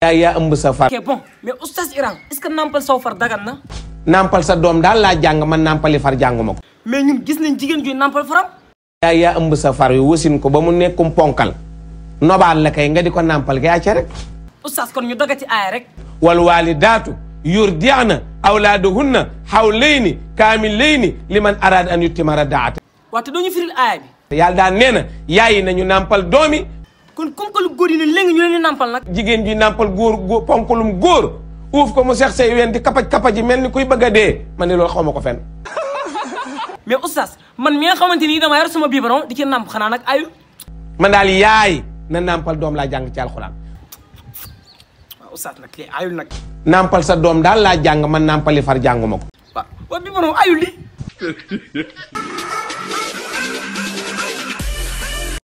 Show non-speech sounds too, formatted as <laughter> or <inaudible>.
yaay yaa ëmb sa far. ok bon mais oustaz Iran est nampal saw far dagan na. nampal sa doom daal laa jàng man nampali far jànguma ko. mais ñun gis nañ jigéen juy nampal faram. yaay yaa ëmb sa far yu wasin ko ba mu nekkum ponkal nobaal la kay nga di ko nampal kay acca rek. oustaz kon ñu dogati aaya rek. wal waalidaatu yurdi'na awlaaduhunna hawlayni kaamilayni liman araada an yutimma radaata. waaw te doo ñu yu aaya bi. yàlla daal nee na yaay yi nañu nampal doomi kon comme que lu góor yi ne léegi ñu leen di nàmpal nag. jigéen ji nàmpal góor góor uuf ko mu seex say wen di kapaj kapaj yi mel ni kuy bëgg a dee man ne loolu xaw ma ko fenn. <laughs> mais oustaz man mi nga xamante ni dama yar sama biberon di ci namp xanaa nag ayu. man daal yaay na nàmpal doom laa jàng ci alxuraan. waaw ah, oustaz nag ayul nag. nàmpal sa doom daal laa jàng man nàmpali far jàngu ma ko. waaw waaw ayul li <laughs>